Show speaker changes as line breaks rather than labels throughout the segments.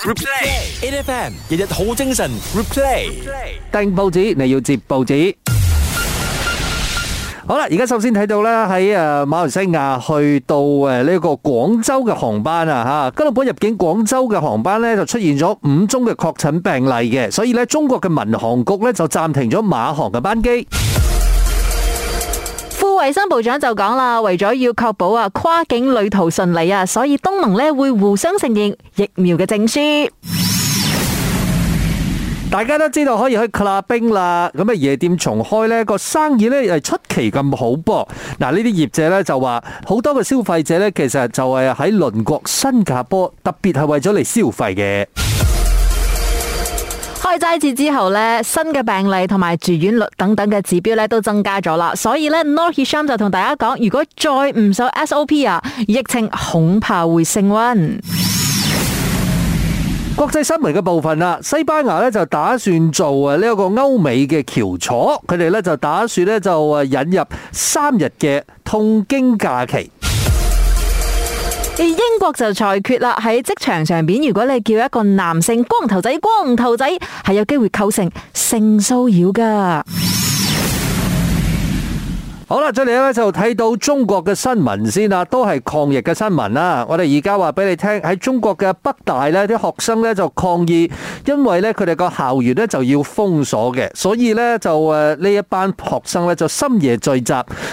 Replay，A F M 日日好精神。Replay，訂報紙你要接報紙。好啦，而家首先睇到咧喺誒馬來西亞去到誒呢個廣州嘅航班啊吓，今日本入境廣州嘅航班咧就出現咗五宗嘅確診病例嘅，所以咧中國嘅民航局咧就暫停咗馬航嘅班機。
衛生部長就講啦，為咗要確保啊跨境旅途順利啊，所以東盟呢會互相承認疫苗嘅證書。
大家都知道可以去 clubbing 啦，咁啊夜店重開呢個生意呢係出奇咁好噃。嗱，呢啲業者呢就話好多嘅消費者呢其實就係喺鄰國新加坡，特別係為咗嚟消費嘅。
開齋節之後咧，新嘅病例同埋住院率等等嘅指標咧都增加咗啦，所以咧 Noor Hisham 就同大家講，如果再唔受 SOP 啊，疫情恐怕會升溫。
國際新聞嘅部分啦，西班牙咧就打算做啊呢一個歐美嘅翹楚，佢哋咧就打算咧就啊引入三日嘅痛經假期。英國就裁決啦，喺職場上邊，如
果你叫一個男性光頭仔，光頭仔係有機會構成性騷擾噶。
好啦，再嚟咧就睇到中國嘅新聞先啦，都係抗疫嘅新聞啦。我哋而家話俾你聽喺中國嘅北大呢啲學生呢就抗議，因為呢佢哋個校園呢就要封鎖嘅，所以呢就誒呢一班學生呢就深夜聚集，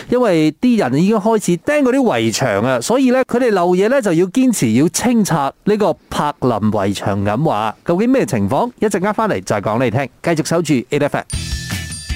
因為啲人已經開始掟嗰啲圍牆啊，所以呢，佢哋漏嘢呢就要堅持要清拆呢個柏林圍牆咁話。究竟咩情況？一陣間翻嚟就講你聽，繼續守住 A factor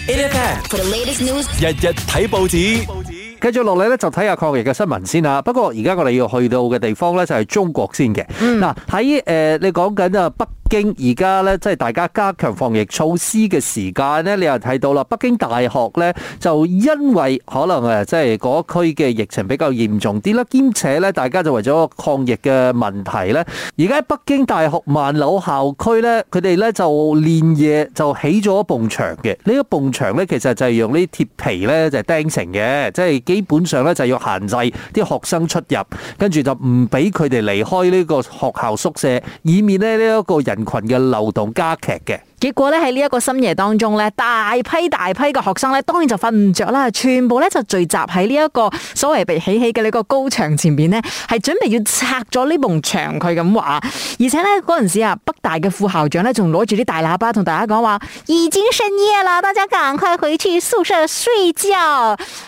Japan, 日日睇報紙，
繼 續落嚟咧就睇下抗疫嘅新聞先啦。不過而家我哋要去到嘅地方咧就係中國先嘅。嗱、嗯，喺誒、啊呃、你講緊啊北。而家呢，即係大家加強防疫措施嘅時間呢，你又睇到啦。北京大學呢，就因為可能誒，即係嗰區嘅疫情比較嚴重啲啦，兼且呢，大家就為咗抗疫嘅問題呢。而家北京大學萬柳校區呢，佢哋呢就連夜就起咗一埲牆嘅。呢一埲牆呢，其實就係用啲鐵皮呢，就釘成嘅，即係基本上呢，就要限制啲學生出入，跟住就唔俾佢哋離開呢個學校宿舍，以免呢，呢一個人群嘅流動加劇嘅。
結果咧，喺呢一個深夜當中咧，大批大批嘅學生咧，當然就瞓唔着啦，全部咧就聚集喺呢一個所謂被起起嘅呢個高牆前邊呢係準備要拆咗呢埲牆，佢咁話。而且呢嗰陣時啊，北大嘅副校長咧仲攞住啲大喇叭同大家講話：已經深夜啦，大家趕快回去宿舍睡覺。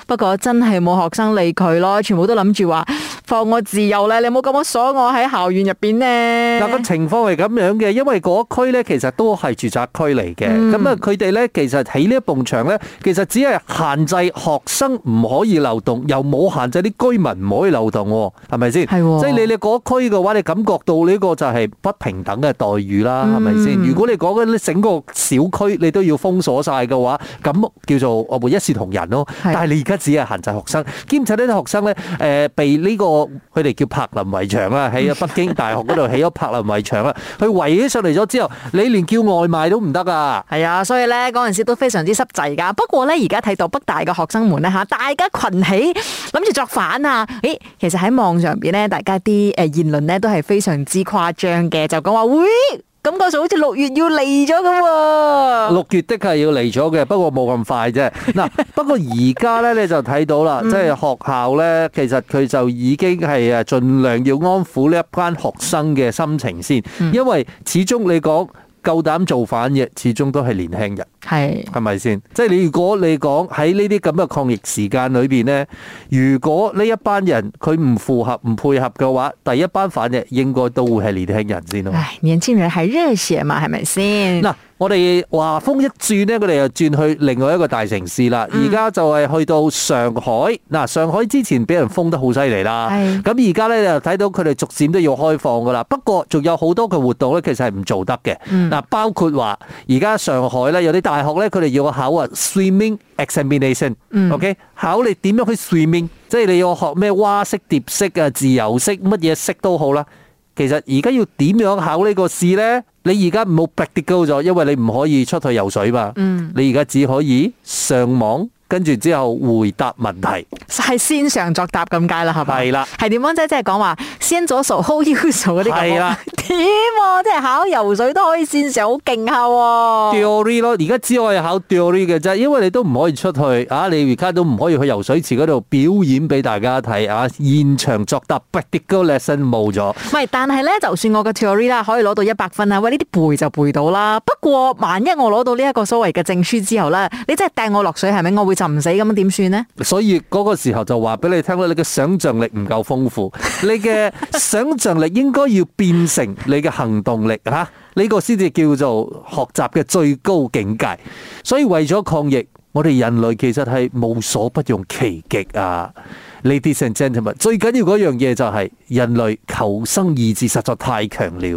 不過真係冇學生理佢咯，全部都諗住話放我自由啦，你冇咁樣鎖我喺校園入邊呢。嗱，個情
況係咁樣嘅，因為嗰區咧其實都係住宅區嚟嘅，咁啊，佢哋咧其實喺呢一埲牆咧，其實只係限制學生唔可以流動，又冇限制啲居民唔可以流動喎，係咪先？係喎，即係你你嗰區嘅話，你感覺到呢個就係不平等嘅待遇啦，係咪先？如果你講緊整個小區，你都要封鎖晒嘅話，咁叫做我會一視同仁咯。但係你而家只係限制學生，兼且呢啲學生咧，誒，被呢個佢哋叫柏林圍牆啊，喺北京大學嗰度起咗柏林圍牆啊，佢圍起上嚟咗之後，你連叫外賣都～都唔得噶，係啊，所以咧嗰陣時都非常
之濕滯噶。不過咧，而家睇到北大嘅學生們咧吓，大家群起諗住作反啊！誒，其實喺網上邊咧，大家啲誒言論咧都係非常之誇張嘅，就講話，喂，感覺就好似六月要嚟咗咁啊！
六月的確係要嚟咗嘅，不過冇咁快啫。嗱，不過而家咧，你就睇到啦，即係學校咧，其實佢就已經係誒盡量要安撫呢一班學生嘅心情先，因為始終你講。夠膽造反嘅，始終都係年輕人。係，係咪先？即係你如果你講喺呢啲咁嘅抗疫時間裏邊呢，如果呢一班人佢唔符合唔配合嘅話，第一班反應應該都會係年輕人先咯。唉，
年輕人係熱血嘛，係咪先？嗱、啊，
我哋話風一轉呢，佢哋又轉去另外一個大城市啦。而家就係去到上海。嗱、啊，上海之前俾人封得好犀利啦。係唉。咁而家呢，就睇到佢哋逐漸都要開放噶啦。不過仲有好多嘅活動呢，其實係唔做得嘅。嗱、嗯，包括話而家上海呢，有啲大。大學咧，佢哋要考啊，swimming examination，OK，考你點樣去 swimming，即係你要學咩蛙式、蝶式啊、自由式，乜嘢式都好啦。其實而家要點樣考呢個試咧？你而家冇 practical 咗，因為你唔可以出去游水嘛。你而家只可以上網。跟住之後回答問題，
係綫上作答咁解啦，係咪？係啦了，係點樣啫？即係講話先做數，考要數嗰啲咁。係啦了，點即係考游水都可以綫上好勁下喎。
theory 咯，而家只可以考 theory 嘅啫，因為你都唔可以出去啊！你而家都唔可以去游水池嗰度表演俾大家睇啊！現場作答，but the lesson 冇咗。
唔係，但係咧，就算我嘅 theory 啦，可以攞到一百分啊！喂，呢啲背就背到啦。不過萬一我攞到呢一個所謂嘅證書之後咧，你真係掟我落水係咪？我會。唔死咁樣點算咧？
所以嗰個時候就話俾你聽啦，你嘅想象力唔夠豐富，你嘅想象力應該要變成你嘅行動力吓，呢個先至叫做學習嘅最高境界。所以為咗抗疫，我哋人類其實係無所不用其極啊！Ladies and gentlemen，最緊要嗰樣嘢就係人類求生意志實在太強
了。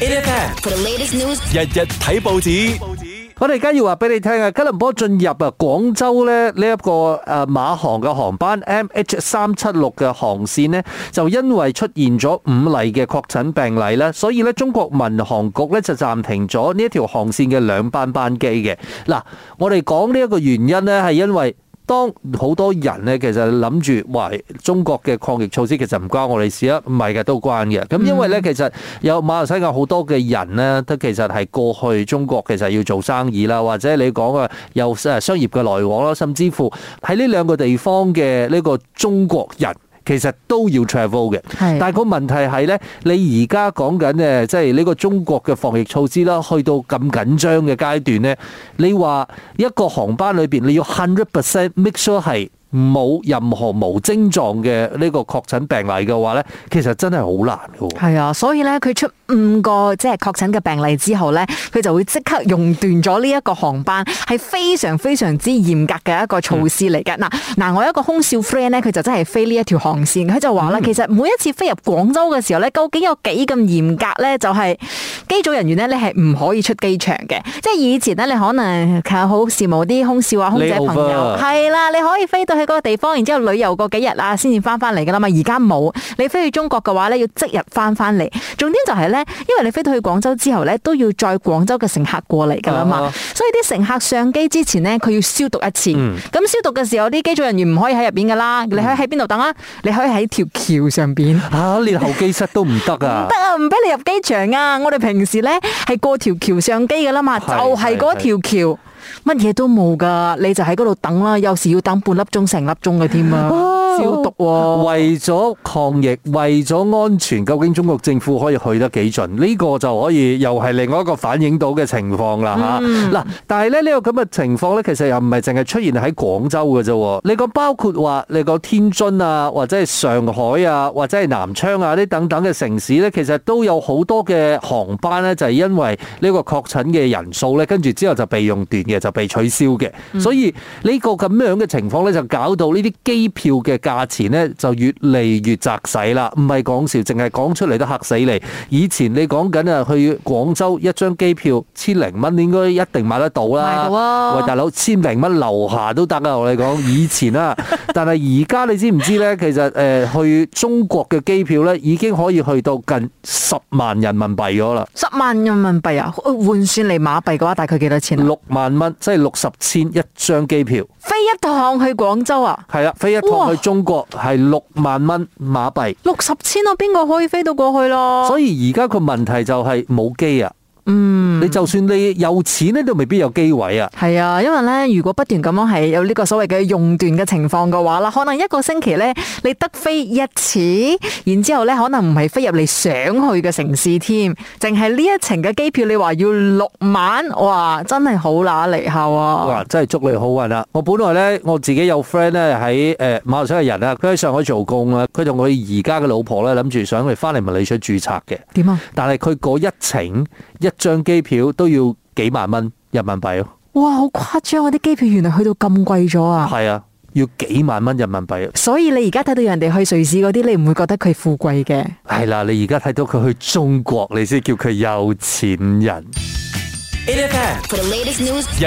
日日睇報紙報紙。
我哋而家要話俾你聽啊，吉隆坡進入啊廣州咧呢一個誒馬航嘅航班 MH 三七六嘅航線呢，就因為出現咗五例嘅確診病例咧，所以咧中國民航局咧就暫停咗呢一條航線嘅兩班班機嘅。嗱，我哋講呢一個原因呢，係因為。當好多人呢，其實諗住哇，中國嘅抗疫措施其實唔關我哋事啊，唔係嘅都關嘅。咁因為呢，其實有馬來西亞好多嘅人呢，都其實係過去中國其實要做生意啦，或者你講嘅有商業嘅來往啦，甚至乎喺呢兩個地方嘅呢個中國人。其實都要 travel 嘅，是的 但係個問題係呢，你而家講緊誒，即係呢個中國嘅防疫措施啦，去到咁緊張嘅階段呢，你話一個航班裏邊你要 hundred percent make sure 係，冇任何無症狀嘅呢個確診病例嘅話呢，其實真係好難嘅
喎。係啊，所以呢，佢出五個即係確診嘅病例之後呢，佢就會即刻熔斷咗呢一個航班，係非常非常之嚴格嘅一個措施嚟嘅。嗱嗱、嗯啊啊，我有一個空少 friend 呢，佢就真係飛呢一條航線，佢就話咧，嗯、其實每一次飛入廣州嘅時候呢，究竟有幾咁嚴格呢？就係、是、機組人員呢，你係唔可以出機場嘅。即係以前呢，你可能其實好羨慕啲空少啊、空姐朋友，係你 over. 啦，你可以飛到去。嗰個地方，然之後旅遊過幾日啊，先至翻翻嚟噶啦嘛。而家冇你飛去中國嘅話咧，要即日翻翻嚟。重點就係咧，因為你飛到去廣州之後咧，都要載廣州嘅乘客過嚟噶啦嘛。所以啲乘客上機之前咧，佢要消毒一次。咁消毒嘅時候，啲機組人員唔可以喺入邊噶啦。你可以喺邊度等啊？
你可以喺條橋上邊。吓，連候機室都唔得啊！唔得
啊，唔俾你入機場啊！我哋平時咧係過條橋上機噶啦嘛，就係嗰條橋。乜嘢都冇㗎，你就喺嗰度等啦，有時要等半粒鐘、成粒鐘嘅添啊！
消毒喎，為咗抗疫，為咗安全，究竟中國政府可以去得幾盡？呢個就可以又係另外一個反映到嘅情況啦，吓嗱、嗯。但係咧呢個咁嘅情況呢，其實又唔係淨係出現喺廣州嘅啫。你講包括話你講天津啊，或者係上海啊，或者係南昌啊啲等等嘅城市呢，其實都有好多嘅航班呢，就係因為呢個確診嘅人數呢，跟住之後就被用斷嘅，就被取消嘅。所以呢個咁樣嘅情況呢，就搞到呢啲機票嘅。價錢咧就越嚟越窄細啦，唔係講笑，淨係講出嚟都嚇死你。以前你講緊啊去廣州一張機票千零蚊應該一定買得到啦，喂大佬，千零蚊樓下都得噶，我哋講以前啊， 但係而家你知唔知呢？其實誒、呃、去中國嘅機票呢，已經可以去到近十萬人民幣咗啦。十
萬人民幣啊，換算嚟馬幣嘅話，大概幾多錢、啊、六
萬蚊，即係六十千一張機票，
飛一趟去廣州啊？
係啦， 飛一趟去中。中國係六萬蚊馬幣，
六十千咯，邊個可以飛到過去咯？所
以而家個問題就係冇機啊。嗯，你就算你有錢咧，都未必有機位啊。
係啊，因為呢，如果不斷咁樣係有呢個所謂嘅用段嘅情況嘅話啦，可能一個星期呢，你得飛一次，然之後咧，可能唔係飛入你想去嘅城市添，淨係呢一程嘅機票你話要六萬，哇，真係好那離後啊！
哇，真係祝你好運啊。我本來呢，我自己有 friend 咧喺誒馬來西亞人啊，佢喺上海做工啊。佢同佢而家嘅老婆呢，諗住想去翻嚟馬來西亞注冊嘅。點啊？但係佢嗰一程一。張機票都要幾萬蚊人民幣
啊！哇，好誇張啊！啲機票原來去到咁貴咗啊！
係啊，要幾萬蚊人民幣啊！
所以你而家睇到人哋去瑞士嗰啲，你唔會覺得佢富貴嘅。
係啦，你而家睇到佢去中國，你先叫佢有錢人。
日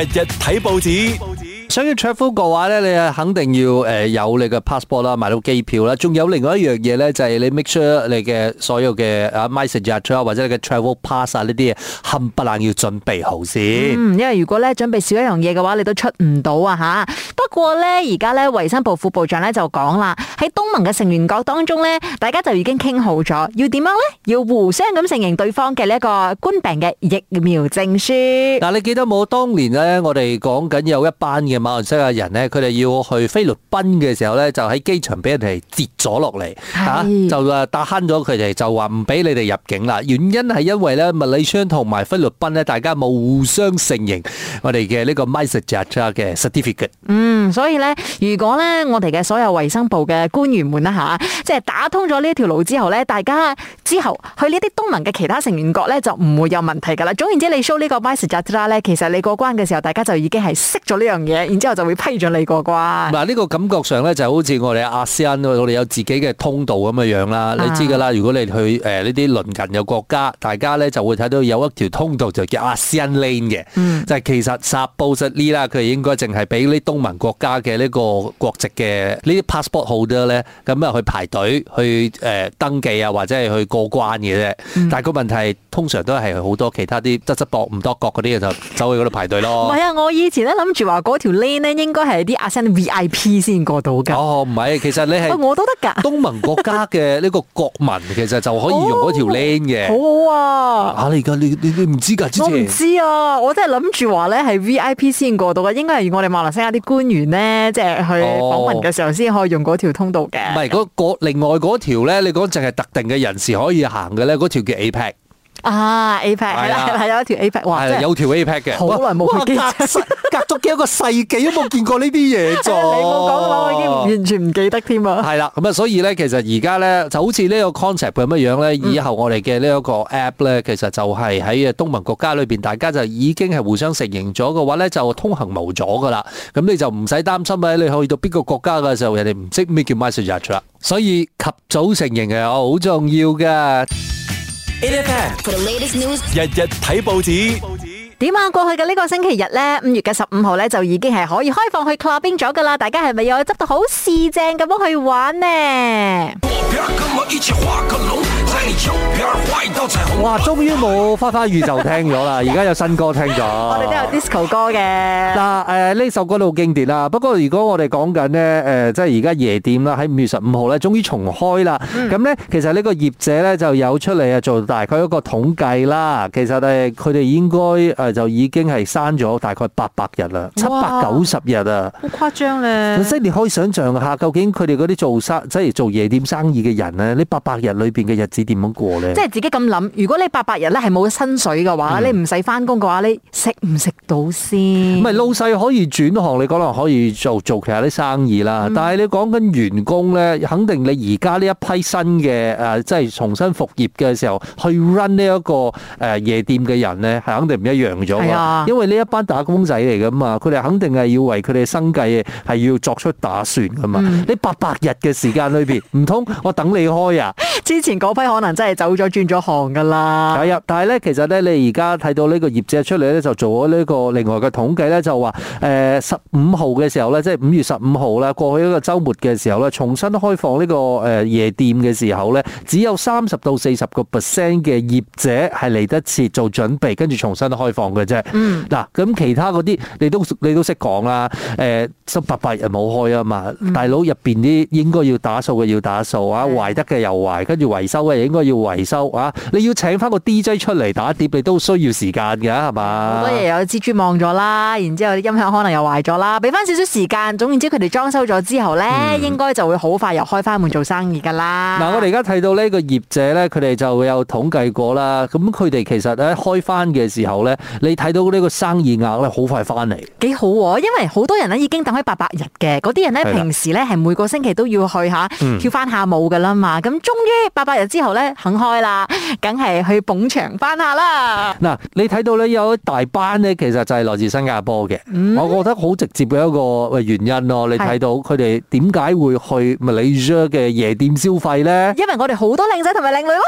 日睇
報紙。想要 travel 嘅話咧，你啊肯定要誒有你嘅 passport 啦，買到機票啦，仲有另外一樣嘢咧，就係、是、你 make sure 你嘅所有嘅啊 message 啊，或者你嘅 travel pass 啊呢啲嘢，冚唪唥要準備好先。
嗯，因為如果咧準備少一樣嘢嘅話，你都出唔到啊吓。不過咧而家咧衛生部副部長咧就講啦，喺東盟嘅成員國當中咧，大家就已經傾好咗，要點樣咧？要互相咁承認對方嘅呢一個冠病嘅疫苗證書。
嗱、啊，你記得冇？當年咧，我哋講緊有一班嘅。馬來西亞人咧，佢哋要去菲律賓嘅時候咧，就喺機場俾人哋截咗落嚟，吓就誒打慳咗佢哋，就話唔俾你哋入境啦。原因係因為咧，馬來西亞同埋菲律賓咧，大家冇互相承認我哋嘅呢個 MySejahtera 嘅 certificate。
嗯，所以咧，如果咧我哋嘅所有衛生部嘅官員們啦吓，即係打通咗呢一條路之後咧，大家之後去呢啲東盟嘅其他成員國咧，就唔會有問題噶啦。總然之，你 show 呢個 MySejahtera 咧，其實你過關嘅時候，大家就已經係識咗呢樣嘢。然之後就會批準你個啩。
嗱，呢個感覺上咧就好似我哋 ASEAN，我哋有自己嘅通道咁嘅樣啦。你知㗎啦，如果你去誒呢啲鄰近嘅國家，大家咧就會睇到有一條通道就叫 ASEAN lane 嘅。即就係其實撒布什呢啦，佢應該淨係俾啲東盟國家嘅呢個國籍嘅呢啲 passport holder 咧，咁啊去排隊去誒登記啊，或者係去過關嘅啫。但係個問題通常都係好多其他啲質質薄唔多國嗰啲就走去嗰度排隊咯。唔係
啊，我以前咧諗住話嗰條。呢咧應該係啲阿生 VIP 先過到㗎。哦，唔係，其實你係我都得
㗎。東盟國家嘅呢個國民其實就可以用嗰條 lane 嘅。好好啊！嚇你而家你你你唔知㗎？我唔知
啊！我真係諗住話咧係 VIP 先過到㗎，應該係我哋馬來西亞啲官員咧，即係去訪問嘅時候先可以用嗰條通道嘅。
唔係嗰個另外嗰條咧，你講淨係特定嘅人士可以行嘅咧，嗰條叫 APEC。
啊，APEC 係啦，係有一條 APEC，哇，有
條 APEC 嘅，好耐冇見，隔咗幾多個世紀都冇見過呢啲嘢咗，你冇講啦，我已經完全唔記得添啊。係啦，咁啊，所以咧，其實而家咧就好似呢個 concept 咁嘅樣咧，以後我哋嘅呢一個 app 咧，其實就係喺東盟國家裏邊，大家就已經係互相承認咗嘅話咧，就通行無阻噶啦。咁你就唔使擔心啊，你去到邊個國家嘅時候，人哋唔識咩叫 message 啊。所以及早承認係好重要噶。
日日睇報紙，
點啊？過去嘅呢個星期日咧，五月嘅十五號咧就已經係可以開放去 clubbing 咗噶啦！大家係咪又要執到好市正咁樣去玩
呢？ 哇，終於冇花花宇宙聽咗啦，而家 有新歌聽咗。 我哋都有
disco 歌嘅。嗱，
誒、呃、呢首歌都好經典啦。不過如果我哋講緊呢，誒、呃、即係而家夜店啦，喺五月十五號咧終於重開啦。咁咧、嗯，其實呢個業者咧就有出嚟啊做大概一個統計啦。其實咧，佢哋應該誒就已經係閂咗大概八百日啦，七百九十日啊，好
誇張咧。即係
你可以想象下，究竟佢哋嗰啲做生即係做夜店生意嘅人咧，呢八百日裏邊嘅日子。你點樣過咧？即係
自己咁諗，如果你八百日咧係冇薪水嘅話，你唔使翻工嘅話，你食唔食到先？
唔係老細可以轉行，你可能可以做做其他啲生意啦。但係你講緊員工咧，肯定你而家呢一批新嘅誒，即係重新復業嘅時候去 run 呢一個誒夜店嘅人咧，係肯定唔一樣咗㗎。因為呢一班打工仔嚟㗎嘛，佢哋肯定係要為佢哋生計係要作出打算㗎嘛。你八百日嘅時間裏邊，唔通我等你開啊？之前嗰批。可能真係走咗轉咗行噶啦。係啊，但係咧，其實咧，你而家睇到呢個業者出嚟咧，就做咗呢個另外嘅統計咧，就話誒十五號嘅時候咧，即係五月十五號啦，過去一個周末嘅時候咧，重新開放呢、這個誒、呃、夜店嘅時候咧，只有三十到四十個 percent 嘅業者係嚟得切做準備，跟住重新開放嘅啫。嗯。嗱、啊，咁其他嗰啲你都你都識講啦。誒、呃，十八八日冇開啊嘛，嗯、大佬入邊啲應該要打掃嘅要打掃啊，壞、嗯、得嘅又壞，跟住維修嘅。應該要維修啊！你要請翻個 DJ 出嚟打碟，你都需要時間嘅，係嘛？好多嘢
有蜘蛛望咗啦，然之後啲音響可能又壞咗啦。俾翻少少時間，總然之佢哋裝修咗之後咧，嗯、應該就會好快又開翻門做生意噶啦、嗯。嗱，
我哋而家睇到呢個業者咧，佢哋就會有統計過啦。咁佢哋其實喺開翻嘅時候咧，你睇到呢個生意額咧，好快翻嚟。
幾好啊！因為好多人咧已經等咗八百日嘅，嗰啲人咧平時咧係對了 每個星期都要去吓跳翻下舞噶啦嘛。咁終於八百日之後。咧，肯開啦，梗係去捧場翻
下啦。嗱，你睇到咧，有一大班咧，其實就係來自新加坡嘅，我覺得好直接嘅一個原因咯。你睇到佢哋點解會去 Malaysia 嘅夜店消費咧？
因為我哋好多靚仔同埋靚女咯。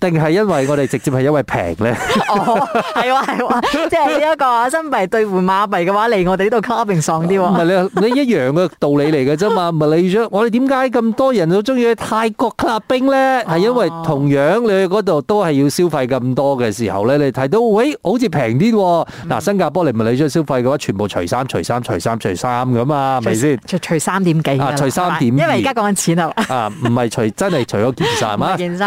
定係因為我哋直接係因為平咧？
哦，係喎係喎，即係呢一個新幣兌換馬幣嘅話，嚟我哋呢度卡
冰爽啲喎。唔係你你一樣嘅道理嚟嘅啫嘛，唔係你將我哋點解咁多人都中意去泰國卡冰咧？係因為同樣你去嗰度都係要消費咁多嘅時候咧，你睇到，喂，好似平啲喎。嗱，新加坡你唔係你將消費嘅話，全部除三除三除三除三嘅嘛，係咪先？即係除三點幾？啊，除三點，因為而家講緊錢啊嘛。啊，唔係除真係除咗件衫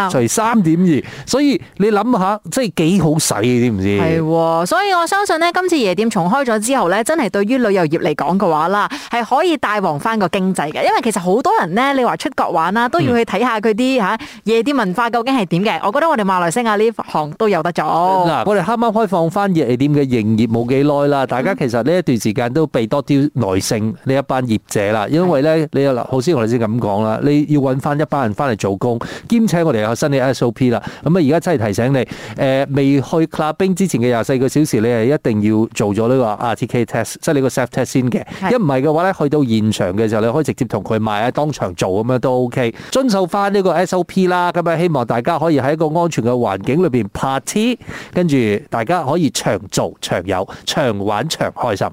啊，除三點二。所以你諗下，即係幾好使嘅，知唔知？係、
哦，所以我相信呢，今次夜店重開咗之後呢，真係對於旅遊業嚟講嘅話啦，係可以帶旺翻個經濟嘅。因為其實好多人呢，你話出國玩啦，都要去睇下佢啲吓夜店文化究竟係點嘅。嗯、我覺得我哋馬來西亞呢行都有得做。嗱，我哋
啱啱開放翻夜店嘅營業冇幾耐啦，大家其實呢一段時間都備多啲耐性，呢、嗯、一班業者啦。因為呢，的你又嗱，頭先我哋先咁講啦，你要搵翻一班人翻嚟做工，兼且我哋有新嘅 SOP 啦。咁啊，而家真係提醒你，誒、呃、未去 clubbing 之前嘅廿四個小時，你係一定要做咗呢個 RTK test，即係你個 self test 先嘅。一唔係嘅話咧，去到現場嘅時候，你可以直接同佢買啊，當場做咁樣都 OK，遵守翻呢個 SOP 啦。咁啊，希望大家可以喺一個安全嘅環境裏邊 party，跟住大家可以長做長有，長玩長開心。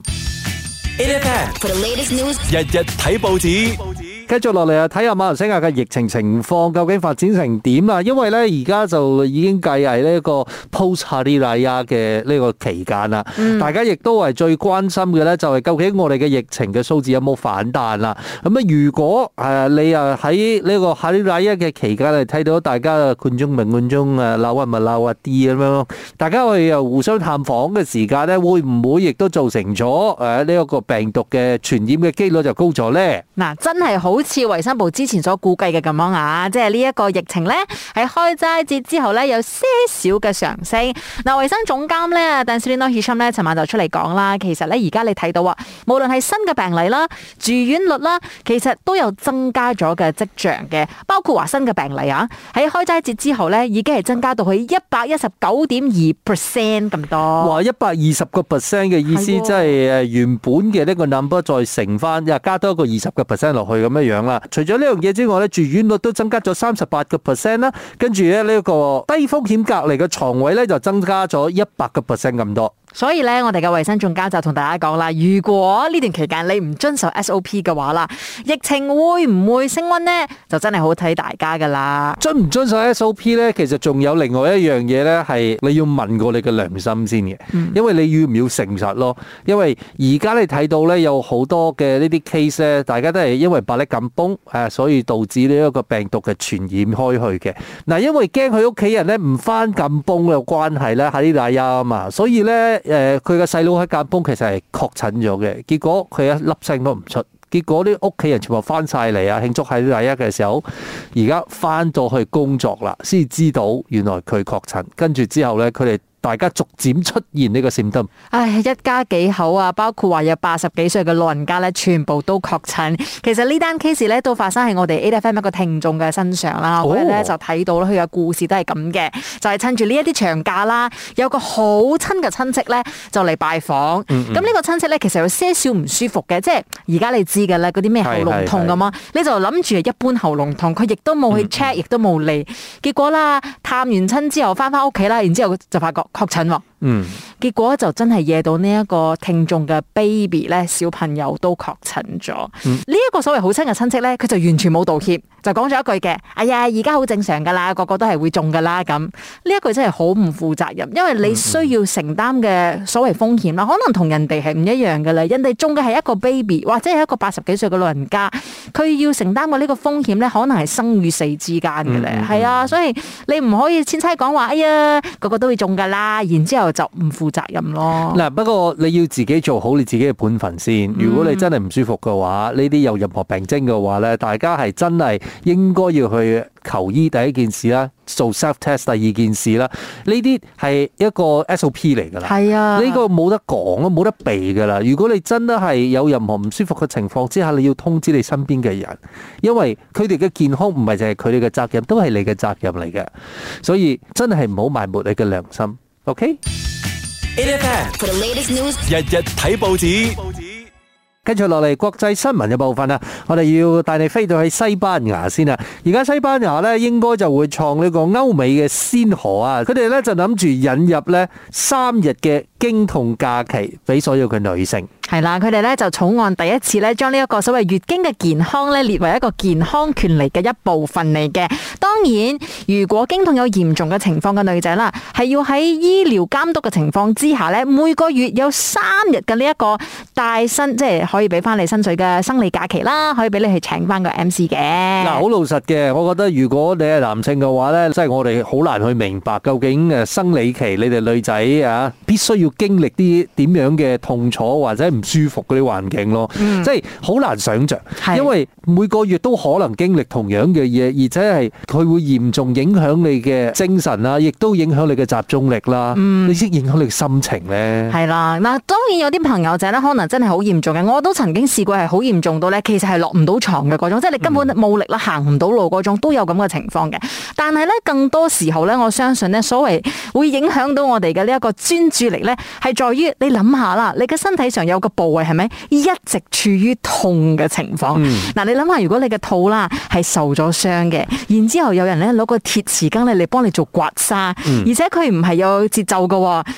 Aca, 日日睇報紙。報紙
繼續落嚟啊！睇下馬來西亞嘅疫情情況究竟發展成點啊？因為咧而家就已經計係呢一個 Post Hari Raya 嘅呢個期間啦。嗯、大家亦都係最關心嘅咧，就係究竟我哋嘅疫情嘅數字有冇反彈啦？咁、嗯、啊，如果誒、呃、你啊喺呢個 Hari Raya 嘅期間咧，睇到大家羣眾明羣眾啊鬧啊咪鬧啊啲咁樣，大家去又互相探訪嘅時間咧，會唔會亦都造成咗誒呢一個病毒嘅傳染嘅機率就高咗咧？
嗱、呃，真係好～好似衛生部之前所估計嘅咁樣啊，即係呢一個疫情咧，喺開齋節之後咧，有些少嘅上升。嗱，呃，衛生總監咧，丹斯里諾希山咧，尋晚就出嚟講啦。其實咧，而家你睇到啊，無論係新嘅病例啦、住院率啦，其實都有增加咗嘅跡象嘅。包括話新嘅病例啊，喺開齋節之後咧，已經係增加到去一百一十九點二 percent 咁多。
話，一百二十個 percent 嘅意思，即係誒原本嘅呢個 number 再乘翻，又加多一個二十個 percent 落去咁樣。啦，除咗呢樣嘢之外咧，住院率都增加咗三十八個 percent 啦，跟住咧，呢個低風險隔離嘅床位咧就增加咗一百個 percent 咁多。
所以咧，我哋嘅衛生總監就同大家講啦，如果呢段期間你唔遵守 SOP 嘅話啦，疫情會唔會升溫呢？就真係好睇大家噶啦。
遵唔遵守 SOP 咧，其實仲有另外一樣嘢咧，係你要問過你嘅良心先嘅，嗯、因為你要唔要誠實咯？因為而家你睇到咧，有好多嘅呢啲 case 咧，大家都係因為百力禁崩誒，所以導致呢一個病毒嘅傳染開去嘅。嗱，因為驚佢屋企人咧唔翻禁崩嘅關係咧喺啲大陰啊，所以咧。誒，佢個細佬喺間房其實係確診咗嘅，結果佢一粒聲都唔出，結果啲屋企人全部翻晒嚟啊慶祝係第一嘅時候，而家翻咗去工作啦，先知道原來佢確診，跟住之後咧佢哋。大家逐漸出現呢個閃燈，
唉，一家幾口啊，包括話有八十幾歲嘅老人家咧，全部都確診。其實呢單 case 咧都發生喺我哋 A T F M 一個聽眾嘅身上啦。我哋咧、哦、就睇到佢嘅故事都係咁嘅，就係、是、趁住呢一啲長假啦，有個好親嘅親戚咧就嚟拜訪。咁呢、嗯嗯、個親戚咧其實有些少唔舒服嘅，即係而家你知㗎啦，嗰啲咩喉嚨痛咁啊，嗯嗯你就諗住一般喉嚨痛，佢亦都冇去 check，亦、嗯嗯、都冇嚟。結果啦，探完親之後翻翻屋企啦，然之後就發覺。確診喎。嗯，結果就真係惹到呢一個聽眾嘅 baby 咧，小朋友都確診咗。呢一、嗯、個所謂好親嘅親戚咧，佢就完全冇道歉，就講咗一句嘅，哎呀，而家好正常㗎啦，個個都係會中㗎啦。咁呢一句真係好唔負責任，因為你需要承擔嘅所謂風險啦，嗯嗯，可能同人哋係唔一樣噶啦。人哋中嘅係一個 baby，或者係一個八十幾歲嘅老人家，佢要承擔嘅呢個風險咧，可能係生與死之間嘅咧。係、嗯嗯、啊，所以你唔可以千祈講話，哎呀，個個都會中㗎啦。然之後。就唔負責任咯。
嗱，不過你要自己做好你自己嘅本分先。如果你真係唔舒服嘅話，呢啲，嗯、有任何病徵嘅話咧，大家係真係應該要去求醫第一件事啦，做 self test 第二件事啦。呢啲係一個 SOP 嚟噶啦，係啊，呢個冇得講，冇得避噶啦。如果你真係有任何唔舒服嘅情況之下，你要通知你身邊嘅人，因為佢哋嘅健康唔係淨係佢哋嘅責任，都係你嘅責任嚟嘅。所以真係唔好埋沒你嘅良心。O.K.，
日日睇報紙。
跟住落嚟，國際新聞嘅部分啊，我哋要帶你飛到去西班牙先啊！而家西班牙呢，應該就會創呢個歐美嘅先河啊！佢哋呢，就諗住引入呢三日嘅經痛假期俾所有嘅女性。係啦，佢哋呢，
就草案第一次呢，將呢一個所謂月經嘅健康呢，列為一個健康權利嘅一部分嚟嘅。當然，如果經痛有嚴重嘅情況嘅女仔啦，係要喺醫療監督嘅情況之下呢，每個月有三日嘅呢一個。帶薪即係可以俾翻你薪水嘅生理假期啦，可以俾你去請翻個 MC 嘅。
嗱，好老實嘅，我覺得如果你係男性嘅話咧，即係我哋好難去明白究竟誒生理期你哋女仔啊必須要經歷啲點樣嘅痛楚或者唔舒服嗰啲環境咯，即係好難想像，因為每個月都可能經歷同樣嘅嘢，而且係佢會嚴重影響你嘅精神啊，亦都影響你嘅集中力啦，甚至影響你心情咧。係
啦，嗱，當然有啲朋友仔咧，可能。真係好嚴重嘅，我都曾經試過係好嚴重到咧，其實係落唔到床嘅嗰種，嗯、即係你根本冇力啦，行唔到路嗰種，都有咁嘅情況嘅。但係咧，更多時候咧，我相信咧，所謂會影響到我哋嘅呢一個專注力咧，係在於你諗下啦，你嘅身體上有個部位係咪一直處於痛嘅情況？嗱、嗯呃，你諗下，如果你嘅肚啦係受咗傷嘅，然之後有人咧攞個鐵匙羹咧嚟幫你做刮痧，嗯、而且佢唔係有節奏嘅，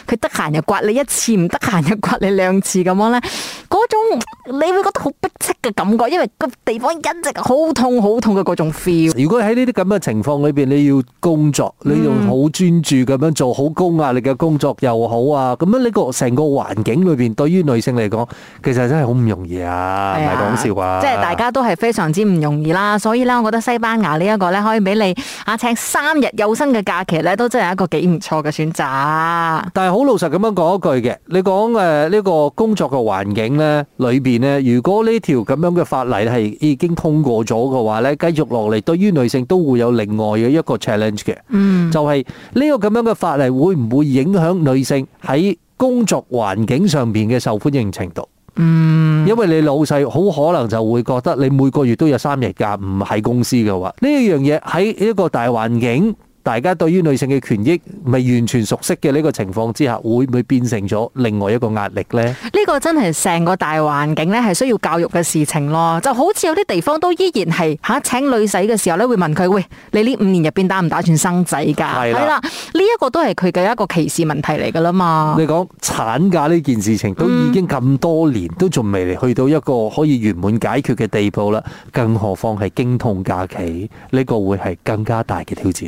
佢得閒就刮你一次，唔得閒就刮你，次就刮你兩次咁樣咧。嗰種你會覺得好逼。嘅感覺，因為個地方一直好痛好痛嘅嗰種 feel。
如果喺呢啲咁嘅情況裏邊，你要工作，你要好專注咁樣做好高壓力嘅工作又好啊，咁樣呢個成個環境裏邊，對於女性嚟講，其實真係好唔容易啊，唔係講笑啊。即係大
家都係非常之唔容易啦，所以咧，我覺得西班牙呢一個咧，可以俾你啊請三日有薪嘅假期咧，都真係一個幾唔錯嘅選擇。
但係好老實咁樣講一句嘅，你講誒呢個工作嘅環境咧，裏邊咧，如果呢條。咁樣嘅法例係已經通過咗嘅話咧，繼續落嚟對於女性都會有另外嘅一個 challenge 嘅，就係呢個咁樣嘅法例會唔會影響女性喺工作環境上面嘅受歡迎程度？嗯，因為你老細好可能就會覺得你每個月都有三日假，唔喺公司嘅話，呢樣嘢喺一個大環境。大家對於女性嘅權益未完全熟悉嘅呢個情況之下，會唔會變成咗另外一個壓力呢？
呢個真係成個大環境咧，係需要教育嘅事情咯。就好似有啲地方都依然係吓、啊，請女仔嘅時候咧，會問佢：喂，你呢五年入邊打唔打算生仔㗎？係啦了，呢一、這個都係佢嘅一個歧視問題嚟㗎啦嘛。你
講產假呢件事情，都已經咁多年、嗯、都仲未嚟去到一個可以圓滿解決嘅地步啦，更何況係經痛假期呢、這個會係更加大嘅挑戰。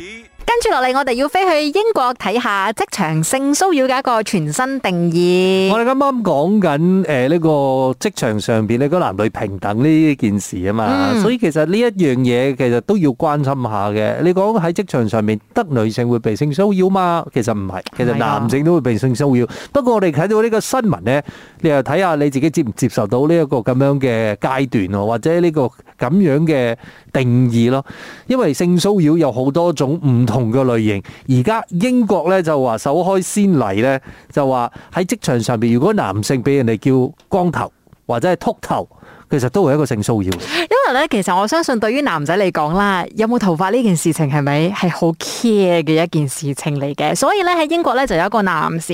跟住落嚟，我哋要飛去英國睇下職場性騷擾嘅一個全新定義。我
哋啱啱講緊誒呢個職場上邊呢個男女平等呢件事啊嘛，所以其實呢一樣嘢其實都要關心下嘅。你講喺職場上面，得女性會被性騷擾嘛？其實唔係，其實男性都會被性騷擾。不過我哋睇到呢個新聞呢，你又睇下你自己接唔接受到呢一個咁樣嘅階段，或者呢個咁樣嘅。定義咯，因為性騷擾有好多種唔同嘅類型。而家英國咧就話首開先例咧，就話喺職場上面，如果男性俾人哋叫光頭或者係禿頭，其實都係一個性騷擾。
其實我相信對於男仔嚟講啦，有冇頭髮呢件事情係咪係好 care 嘅一件事情嚟嘅？所以咧喺英國咧就有一個男士，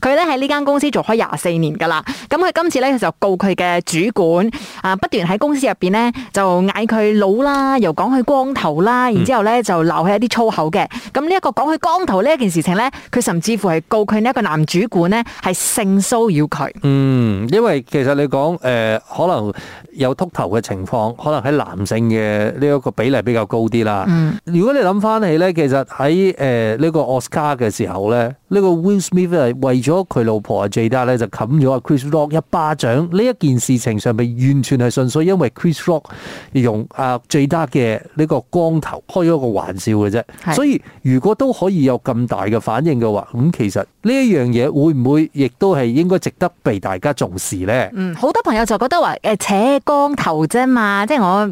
佢咧喺呢間公司做開廿四年噶啦。咁佢今次咧就告佢嘅主管啊，不斷喺公司入邊呢，就嗌佢老啦，又講佢光頭啦，然之後咧就鬧起一啲粗口嘅。咁呢一個講佢光頭呢一件事情咧，佢甚至乎係告佢呢一個男主管呢，係性騷擾佢。
嗯，因為其實你講誒、呃，可能有禿頭嘅情況。可能喺男性嘅呢一個比例比較高啲啦。嗯，如果你諗翻起咧，其實喺誒呢個奧斯卡嘅時候咧，呢、這個 Will Smith 為咗佢老婆 Jada 咧就冚咗阿 Chris Rock 一巴掌。呢一件事情上邊完全係純粹因為 Chris Rock 用啊 Jada 嘅呢個光頭開咗個玩笑嘅啫。是所以如果都可以有咁大嘅反應嘅話，咁、嗯、其實呢一樣嘢會唔會亦都係應該值得被大家重視咧？嗯，
好多朋友就覺得話誒、呃、扯光頭啫嘛，即係。我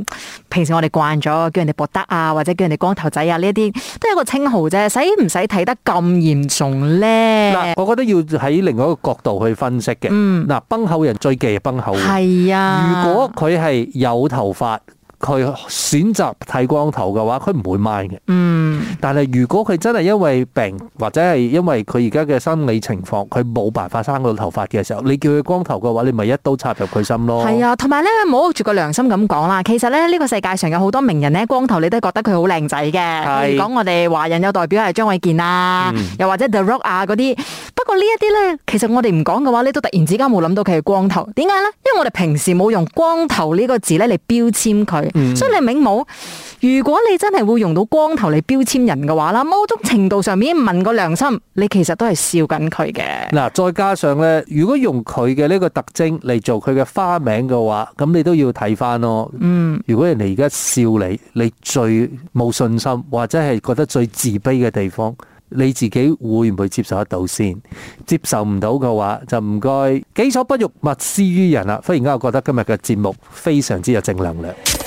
平時我哋慣咗叫人哋博德啊，或者叫人哋光頭仔啊，呢一啲都係一個稱號啫，使唔使睇得咁嚴重咧？嗱、
嗯，我覺得要喺另外一個角度去分析嘅。嗱、嗯，崩口人最忌係崩口。係啊，
如果
佢係有頭髮。佢選擇剃光頭嘅話，佢唔會 mind 嘅。嗯。但係如果佢真係因為病或者係因為佢而家嘅生理情況，佢冇辦法生到頭髮嘅時候，你叫佢光頭嘅話，你咪一刀插入佢心咯。係
啊，同埋咧，冇住個良心咁講啦。其實咧，呢個世界上有好多名人呢，光頭你都覺得佢好靚仔嘅。係是。講我哋華人有代表係張衛健啊，嗯、又或者 The Rock 啊嗰啲。不過呢一啲咧，其實我哋唔講嘅話，你都突然之間冇諗到佢係光頭。點解咧？因為我哋平時冇用光頭呢個字咧嚟標籤佢。嗯，所以你明冇？如果你真係會用到光頭嚟標籤人嘅話啦，某種程度上面問個良心，你其實都係笑緊佢嘅
嗱。再加上咧，如果用佢嘅呢個特徵嚟做佢嘅花名嘅話，咁你都要睇翻咯。嗯，如果人哋而家笑你，你最冇信心或者係覺得最自卑嘅地方，你自己會唔會接受得到先？接受唔到嘅話，就唔該己所不欲，勿施於人啦。忽然間，我覺得今日嘅節目非常之有正能量。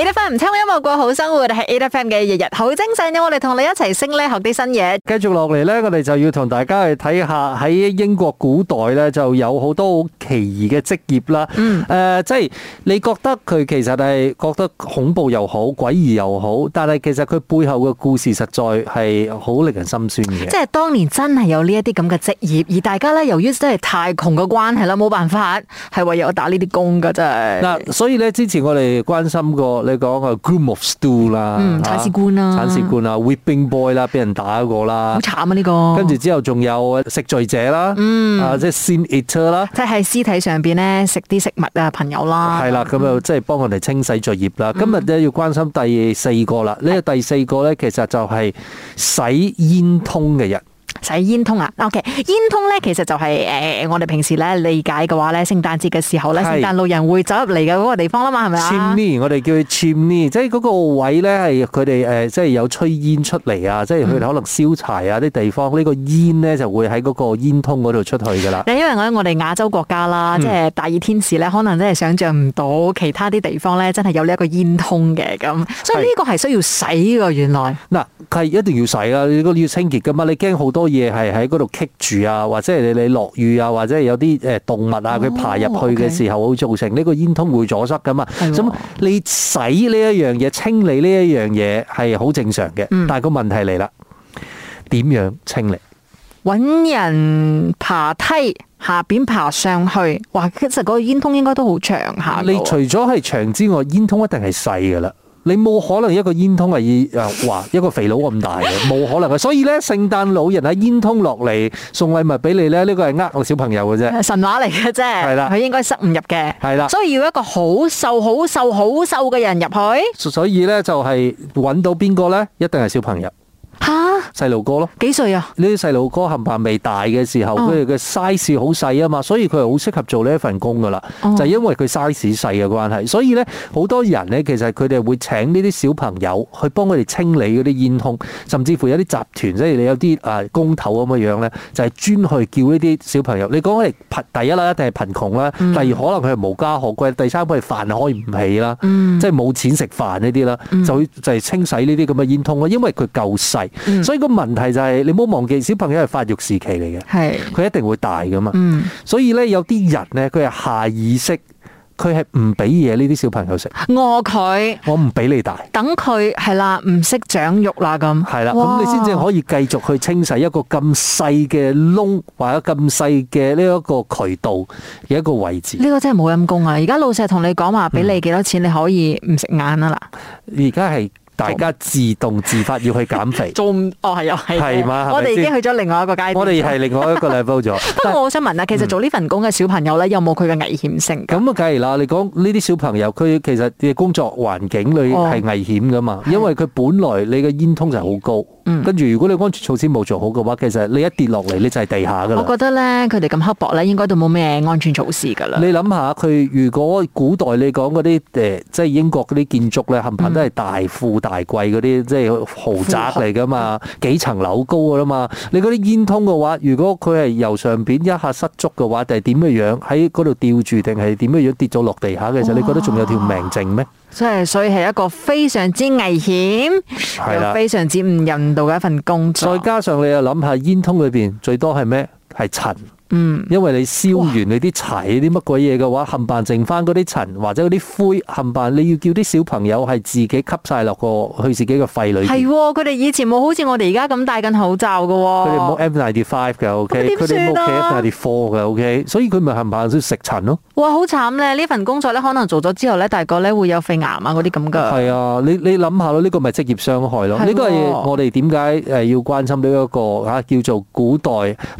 A.F.M. 唔聽音樂過好生活，係 A.F.M. 嘅日日好精神。我哋同你一齊升
咧，學啲新嘢。繼續落嚟呢，我哋就要同大家去睇下喺英國古代呢、嗯呃，就有好多奇異嘅職業啦。嗯，誒，即係你覺得佢其實係覺得恐怖又好，詭異又好，但係其實佢背後嘅故事實在係好令人心酸嘅。即係
當年真係有呢一啲咁嘅職業，而大家呢，由於真係太窮嘅關係啦，冇辦法係唯有打呢啲工噶，真係嗱。
所以呢，之前我哋關心過。你講個，groom of stool 啦、嗯，鏟屎官啦、啊，鏟、啊、屎官啦、啊，whipping boy 啦、啊，俾人打嗰個啦、啊，好慘啊呢個！跟住之後仲有食罪者啦、啊，嗯、啊即係 sin eater 啦，
即係屍、啊、體上邊咧食啲食物啊朋友啦、
啊，係啦咁就即係幫佢哋清洗罪孽啦。嗯、今日咧要關心第四個啦，呢個、嗯、第四個咧其實就係洗煙通嘅人。
洗煙通啊！OK，煙通咧其實就係、是、誒、呃、我哋平時咧理解嘅話咧，聖誕節嘅時候咧，對聖誕老人會走入嚟嘅嗰個地方啦嘛，係咪
啊？我哋叫佢即係嗰個位咧係佢哋誒，即係有吹煙出嚟啊，即係佢哋可能燒柴啊啲地方，呢、這個煙咧就會喺嗰個煙通嗰度出去噶啦。
因為我喺我哋亞洲國家啦，嗯、即係大熱天時咧，可能真係想象唔到其他啲地方咧，真係有呢一個煙通嘅咁，
所以呢個係需要洗嘅，原來嗱佢係一定要洗啊！如果你要清潔噶嘛，你驚好多嘢係喺嗰度棘住啊，或者你你落雨啊，或者有啲誒動物啊，佢、哦、爬入去嘅時候 Okay. 會造成呢個煙囪會阻塞噶嘛。咁、哎、呦你洗呢一樣嘢，清理呢一樣嘢係好正常嘅。嗯、但係個問題嚟啦，點樣清理？
揾人爬梯下邊爬上去，哇！其實嗰個煙囪應該都好長下，你除
咗係長之外，煙囪一定係細噶啦。你冇可能一個煙囪係誒哇一個肥佬咁大嘅，冇可能嘅。所以咧，聖誕老人喺煙囪落嚟送禮物俾你咧，呢、這個係呃我小朋友嘅啫，神話嚟嘅啫。係啦 re pe ats 對，佢應該塞唔入嘅。係啦，所
以要一個好瘦、好瘦、好瘦嘅人入
去。所以咧，就係、是、搵到邊個咧，一定係小朋友。吓！細路、啊、哥咯，幾歲啊？呢啲細路哥冚唪唥未大嘅時候，佢哋嘅 size 好細啊嘛，所以佢係好適合做呢一份工噶啦。哦、就因為佢 size 細嘅關係，所以咧，好多人咧，其實佢哋會請呢啲小朋友去幫佢哋清理嗰啲煙筒，甚至乎有啲集團咧，你有啲誒工頭咁嘅樣咧，就係、是、專去叫呢啲小朋友。你講係貧第一啦，一定係貧窮啦。第二可能佢係無家可歸，第三佢係飯開唔起啦，嗯、即係冇錢食飯呢啲啦，嗯、就就係清洗呢啲咁嘅煙筒啦。因為佢夠細。嗯、所以個問題就係、是、你唔好忘記小朋友係發育時期嚟嘅，係佢是一定會大噶嘛。嗯、所以咧有啲人咧，佢係下意識，佢係唔俾嘢呢啲小朋友食，餓佢、哦，我唔俾你大，等佢係啦，唔識長肉啦咁，係啦，咁哇你先至可以繼續去清洗一個咁細嘅窿或者咁細嘅呢一個渠道嘅一個位置。呢
個真係冇陰功啊！而家老細同你講話俾你幾多錢，你可以
唔食眼啊啦。而家係。大家自動自發要去減肥， 做唔哦係又係，我哋已經去咗
另外一個階段。我哋係另
外一個 level 咗。
不過我想問啊，其實做呢份工嘅小朋友咧，有冇佢嘅危險性？
咁啊、嗯，梗係啦，你講呢啲小朋友，佢其實嘅工作環境裏係危險噶嘛，哦、因為佢本來你嘅煙囪就係好高。跟住、嗯、如果你安全措施冇做好嘅話，其實你一跌落嚟你就係地下噶啦。我覺
得咧，佢哋咁刻薄咧，應該都冇咩安全措施噶
啦。你諗下，佢如果古代你講嗰啲誒，即係英國嗰啲建築咧，係咪都係大富大貴嗰啲，嗯、即係豪宅嚟噶嘛？荷幾層樓高噶啦嘛？你嗰啲煙通嘅話，如果佢係由上邊一下失足嘅話，就係點嘅樣？喺嗰度吊住定係點樣樣跌咗落地下嘅時候，你覺得仲有條命剩咩？哦。
即係，所以係一個非常之危險係啦，又非常之唔人道嘅一份
工作。再加上你又諗下煙囪裏邊最多係咩？係塵。嗯，因為你燒完你啲柴啲乜鬼嘢嘅話，冚唪唥剩翻嗰啲塵或者嗰啲灰，冚唪唥你要叫啲小朋友係自己吸晒落去佢自己嘅肺裏邊。係
喎、嗯，佢哋以前冇好似我哋而家咁戴緊口罩嘅喎。佢
哋冇 N95 嘅，OK，佢哋冇係 N4 嘅，OK、啊、所以佢咪冚唪唥要食塵咯。
哇，好慘咧！呢份工作咧，可能做咗之後咧，大概咧會有肺
癌啊嗰啲咁噶。係、嗯、啊，你你諗下咯，呢、呢個咪職業傷害咯？呢個係我哋點解誒要關心到、呢、一個嚇、啊、叫做古代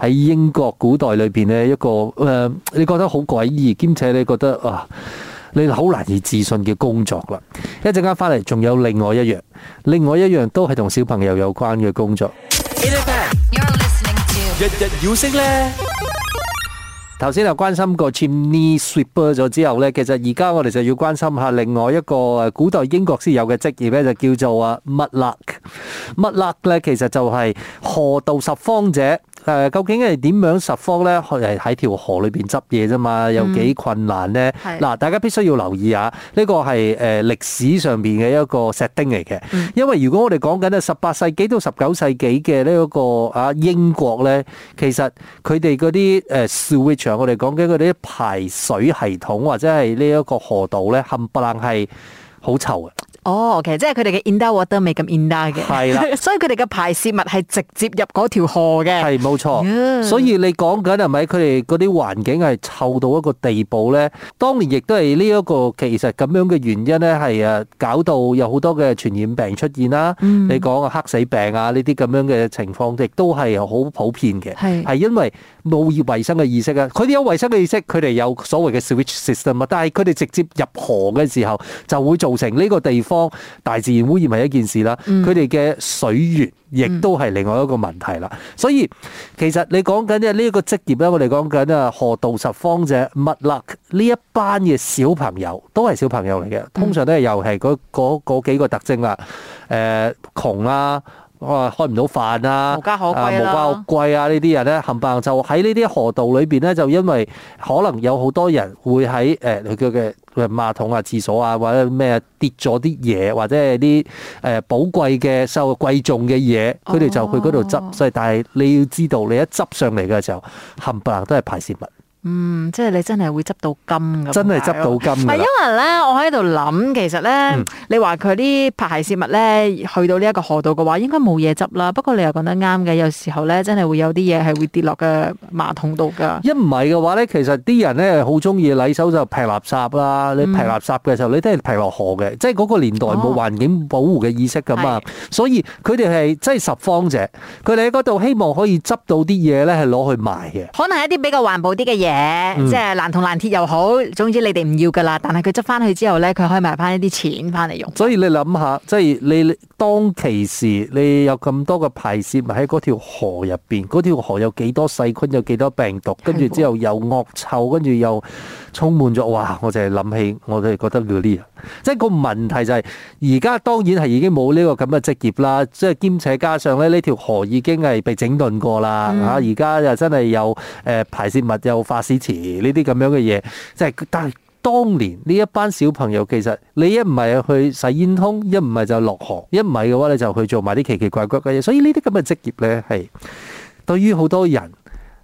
喺英國古代。裏邊咧一個誒，你覺得好詭異，兼且你覺得啊，你好難以置信嘅工作啦。一陣間翻嚟仲有另外一樣，另外一樣都係同小朋友有關嘅工作。日日妖聲咧，頭先就關心過 chimney sweeper 咯，咗之後咧，其實而家我哋就要關心下另外一個誒，古代英國先有嘅職業咧，就叫做啊，mudlark。mudlark 咧，其實就係河道拾荒者。誒，究竟係點樣拾荒咧？係喺條河裏邊執嘢啫嘛，有幾困難咧？嗱、嗯，大家必須要留意下，呢個係誒歷史上邊嘅一個石釘嚟嘅。嗯、因為如果我哋講緊啊，十八世紀到十九世紀嘅呢一個啊英國咧，其實佢哋嗰啲誒 sewerage，我哋講緊佢哋啲排水系統或者係呢一個河道咧，冚唪唥係好臭嘅。
哦，其實、oh, okay. 即係佢哋嘅 indoor water 未咁 indoor 嘅的，係啦，所以佢哋嘅排泄物
係直接入嗰條河嘅，係冇錯。Yeah. 所以你講緊係咪佢哋嗰啲環境係臭到一個地步咧？當年亦都係呢一個其實咁樣嘅原因咧，係啊搞到有好多嘅傳染病出現啦。Mm. 你講黑死病啊呢啲咁樣嘅情況亦都係好普遍嘅，係係是因為冇業衛生嘅意識啊。佢哋有衛生嘅意識，佢哋有，有所謂嘅 switch system 啊，但係佢哋直接入河嘅時候就會造成呢個地方，方大自然污染，係一件事啦，佢哋嘅水源亦都係另外一個問題啦。嗯、所以其實你講緊咧呢一個職業咧，嗯、我哋講緊啊河道拾荒者、麥勒呢一班嘅小朋友都係小朋友嚟嘅，嗯、通常都係又係嗰嗰嗰幾個特徵啦。誒、呃，窮啊！我話開唔到飯啊，無家可歸啊，無家可歸啊！呢啲人咧，冚唪唥就喺呢啲河道裏邊咧，就因為可能有好多人會喺誒佢嘅誒馬桶啊、廁所啊，或者咩跌咗啲嘢，或者係啲誒寶貴嘅收貴重嘅嘢，佢哋就去嗰度執。所以，哦，但係你要知道，你一執上嚟嘅時候，冚唪唥都係排泄物。
嗯，即係你真係會執到金噶真係執到金噶。係因為咧，我喺度諗，其實咧，嗯、你話佢啲排泄物咧，去到呢一個河道嘅話，應該冇嘢執啦。不過你又講得啱嘅，有時候咧，真係會有啲嘢係會跌落嘅馬桶度噶。
一唔係嘅話咧，其實啲人咧好中意洗手就劈垃圾啦。嗯、你劈垃圾嘅時候，你都係劈落河嘅。即係嗰個年代冇環境保護嘅意識噶嘛，哦、所以佢哋係真係拾荒者。佢哋喺嗰度希望可以執到啲嘢咧，係攞去賣嘅。
可能一啲比較環保啲嘅嘢。嘅，嗯、即係爛銅爛鐵又好，總之你哋唔要噶啦。但係佢執翻去之後呢，佢可以賣翻一啲錢翻嚟用。
所以你諗下，即係你當其時你有咁多嘅排泄物喺嗰條河入邊，嗰條河有幾多細菌，有幾多病毒，跟住之後又惡臭，跟住又充滿咗。哇！我就係諗起，我就係覺得嗰啲。即係個問題就係而家當然係已經冇呢個咁嘅職業啦，即係兼且加上咧呢條河已經係被整頓過啦，吓而家就真係有誒、呃、排泄物有化屎池呢啲咁樣嘅嘢，即係但係當年呢一班小朋友其實你一唔係去洗煙通，一唔係就落河，一唔係嘅話你就去做埋啲奇奇怪怪嘅嘢，所以呢啲咁嘅職業呢，係對於好多人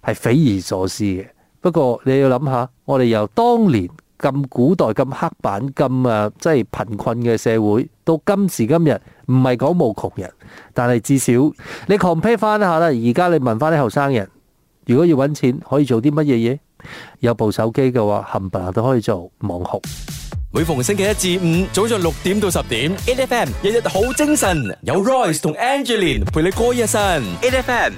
係匪夷所思嘅。不過你要諗下，我哋由當年。咁古代咁黑板咁啊，即係貧困嘅社會，到今時今日唔係講冇窮人，但係至少你 compare 翻一下啦。而家你問翻啲後生人，如果要揾錢，可以做啲乜嘢嘢？有部手機嘅話，冚唪唥都可以做網紅。
每逢星期一至五早上六點到十點，8FM 日日好精神，有 Royce 同 Angeline 陪你過一生。8FM。